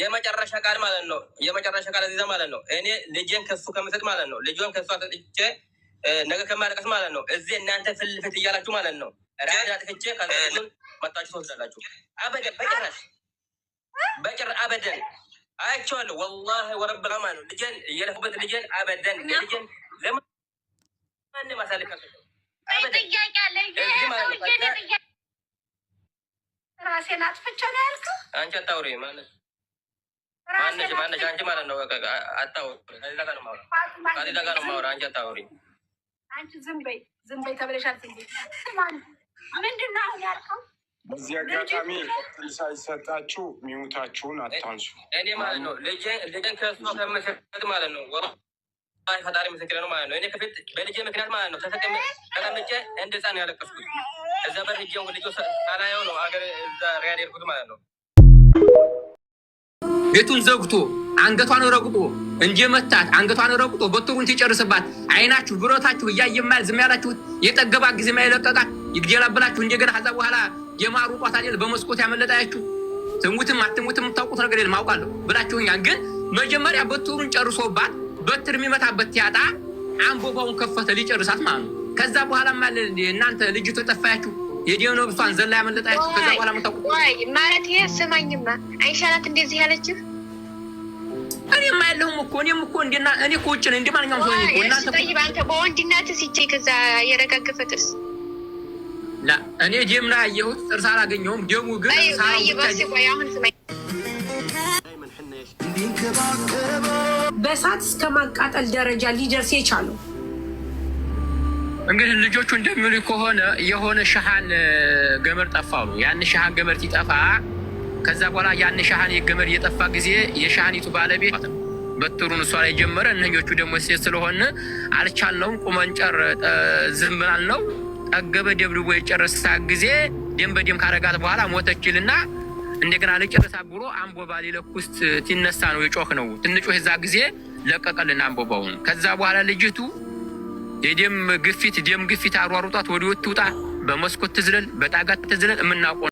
የመጨረሻ ቃል ማለት ነው። የመጨረሻ ቃል እዚዛ ማለት ነው። እኔ ልጄን ከሱ ከምሰጥ ማለት ነው። ልጇን ከሱ አጠጥቼ ነገ ከማለቀስ ማለት ነው። እዚህ እናንተ ፍልፍት እያላችሁ ማለት ነው። ራድ አጥፍቼ ከዙን መጣችሁ ትወስዳላችሁ። አበደን በጭራሽ በጭር አበደን አያቸዋለሁ። ወላሂ ወረብ ማለት ነው። ልጄን እየለፉበት ልጄን አበደን ልጄን ለማንም አሳልፍ ራሴን አጥፍቼ ነው ያልከው አንቺ አታውሪ ማለት ማነሽ ማነሽ አንቺ ማለት ነው። በቃ አታውሪ። ከዚህ ጋር ነው የማወራው። ከዚህ ጋር ነው የማወራው። አንቺ አታውሪ። አንቺ ዝም በይ፣ ዝም በይ ተብለሻል። ምንድን ነው አሁን ያልከው? በዚህ አጋጣሚ ሳይሰጣችሁ ሚውታችሁን አታንሱ። እኔ ማለት ነው ልጄን ከእሷ ከምሰጥ ማለት ነው ወላሂ ፈጣሪ ምስክር ነው ማለት ነው። እኔ ከፊት በልጄ ምክንያት ማለት ነው ተሰቀምጬ እንደ ሕፃን ያለቀስኩት እዛ በልጄ ልጆ ሳላየው ነው ሀገር እዛ ሪያድ የሄድኩት ማለት ነው ቤቱን ዘግቶ አንገቷን ረግጦ እንጀ መታት አንገቷን ረግጦ በትሩን ትጨርስባት። አይናችሁ ብረታችሁ እያየ ማል ዝም ያላችሁት የጠገባ ጊዜ ማይለቀቃት ይግደላ እንደገና ከዛ በኋላ የማሩ ቋት አይደል በመስኮት ያመለጣያችሁ ትሙትም አትሙትም ታውቁት ነገር የለም አውቃለሁ ብላችሁኛል። ግን መጀመሪያ በትሩን ጨርሶባት በትር የሚመታበት ያጣ አንቦባውን ከፈተ ሊጨርሳት ማለት ነው። ከዛ በኋላ እናንተ ልጅቶ ጠፋያችሁ የዲዮኖ ብሷን ዘላ ያመለጣችሁ ከዛ በኋላ መታቁ ማለት ይሄ ስማኝማ አይሻላት እንደዚህ ያለችህ እኔማ የለሁም እኮ እኔም እኮ እንደና እኔ እኮ ውጭ ነኝ እንደ ማንኛውም ሰው እኮ እና ተጠይባ አንተ በወንድነት ሲቼ ከዛ የረጋገፈ ጥርስ ላ እኔ ደም ላይ አየሁት ጥርስ አላገኘሁም። ደሙ ግን በእሳት እስከ ማቃጠል ደረጃ ሊደርስ የቻለው እንግዲህ ልጆቹ እንደሚሉ ከሆነ የሆነ ሻሃን ገመድ ጠፋ ነው። ያን ሻሃን ገመድ ሲጠፋ ከዛ በኋላ ያን ሻሃን ገመድ የጠፋ ጊዜ የሻሃኒቱ ባለቤት በትሩን እሷ ላይ ጀመረ። እነኞቹ ደግሞ ሴት ስለሆነ አልቻልነውም፣ ቁመንጨር ዝም ብላል ነው ጠገበ። ደብድቦ የጨረሳ ጊዜ ደም በደም ካረጋት በኋላ ሞተችልና እንደገና ለጨረሳ ብሎ አንቦባ ሊለኩስ ሲነሳ ነው የጮህ ነው። ትንጮህ እዛ ጊዜ ለቀቀልን አንቦባውን። ከዛ በኋላ ልጅቱ የደም ግፊት ደም ግፊት አሯሩጧት ወዲህ ትውጣ፣ በመስኮት ትዝለል፣ በጣጋት ትዝለል የምናውቀው